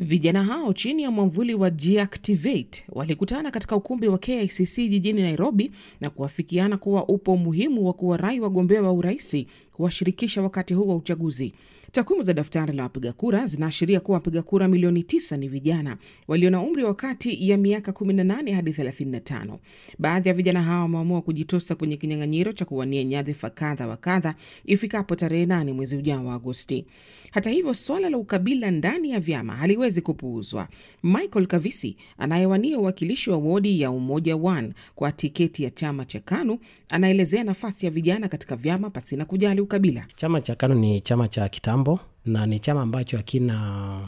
Vijana hao chini ya mwamvuli wa jactivate walikutana katika ukumbi wa KICC jijini Nairobi na kuafikiana kuwa upo umuhimu wa kuwarai wagombea wa uraisi kuwashirikisha wakati huu wa uchaguzi. Takwimu za daftari la wapiga kura zinaashiria kuwa wapiga kura milioni tisa ni vijana walio na umri wa kati ya miaka 18 hadi 35. Baadhi ya vijana hawa wameamua kujitosa kwenye kinyang'anyiro cha kuwania nyadhifa kadha wa kadha ifikapo tarehe 8 mwezi ujao wa Agosti. Hata hivyo, swala la ukabila ndani ya vyama haliwezi kupuuzwa. Michael Kavisi anayewania uwakilishi wa wodi ya Umoja One kwa tiketi ya chama cha KANU anaelezea nafasi ya vijana katika vyama pasina kujali ukabila? Chama cha kano ni chama cha kitambo na ni chama ambacho hakina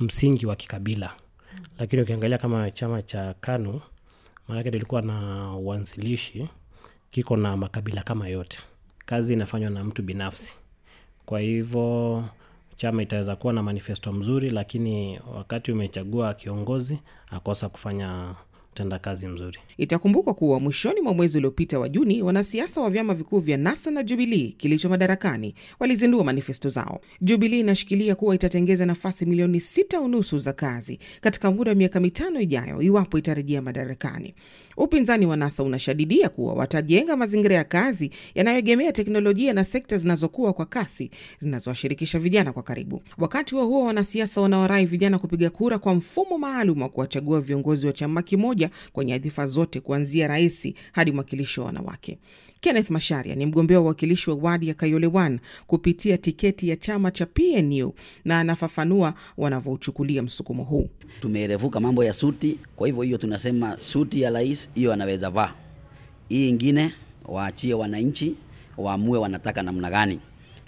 msingi wa kikabila, lakini ukiangalia kama chama cha KANU maanake tulikuwa na uanzilishi, kiko na makabila kama yote. Kazi inafanywa na mtu binafsi, kwa hivyo chama itaweza kuwa na manifesto mzuri, lakini wakati umechagua kiongozi akosa kufanya kazi mzuri. Itakumbukwa kuwa mwishoni mwa mwezi uliopita wa Juni, wanasiasa wa vyama vikuu vya NASA na Jubilii kilicho madarakani walizindua manifesto zao. Jubilii inashikilia kuwa itatengeza nafasi milioni sita unusu za kazi katika muda wa miaka mitano ijayo iwapo itarejea madarakani. Upinzani wa NASA unashadidia kuwa watajenga mazingira ya kazi yanayoegemea teknolojia na sekta zinazokuwa kwa kasi zinazowashirikisha vijana kwa karibu. Wakati huo huo, wanasiasa wanawarai vijana kupiga kura kwa mfumo maalum wa kuwachagua viongozi wa chama kimoja moja kwenye nyadhifa zote kuanzia rais hadi mwakilishi wa wanawake. Kenneth Masharia ni mgombea wa uwakilishi wa wadi ya Kayole 1 kupitia tiketi ya chama cha PNU na anafafanua wanavyouchukulia msukumo huu. Tumerevuka mambo ya suti, kwa hivyo hiyo tunasema suti ya rais hiyo anaweza vaa, hii ingine waachie wananchi waamue wanataka namna gani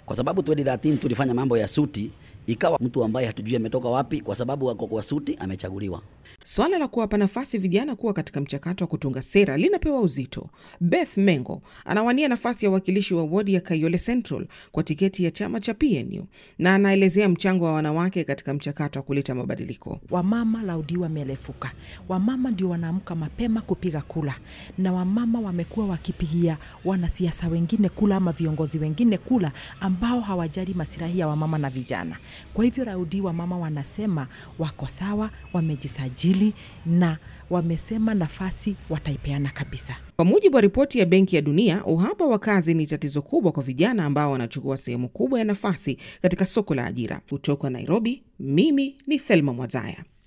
kwa sababu 2013 tulifanya mambo ya suti, ikawa mtu ambaye hatujui ametoka wapi, kwa sababu wako kwa suti amechaguliwa. Swala la kuwapa nafasi vijana kuwa katika mchakato wa kutunga sera linapewa uzito. Beth Mengo anawania nafasi ya uwakilishi wa wodi ya Kayole Central kwa tiketi ya chama cha PNU na anaelezea mchango wa wanawake katika mchakato wa kuleta mabadiliko. Wamama laudi wamelefuka, wamama ndio wanaamka mapema kupiga kula, na wamama wamekuwa wakipigia wanasiasa wengine kula ama viongozi wengine kula amba ambao hawajali masilahi ya wamama na vijana. Kwa hivyo raudi wa mama wanasema wako sawa, wamejisajili na wamesema nafasi wataipeana kabisa. Kwa mujibu wa ripoti ya Benki ya Dunia, uhaba wa kazi ni tatizo kubwa kwa vijana ambao wanachukua sehemu kubwa ya nafasi katika soko la ajira. Kutoka Nairobi, mimi ni Thelma Mwazaya.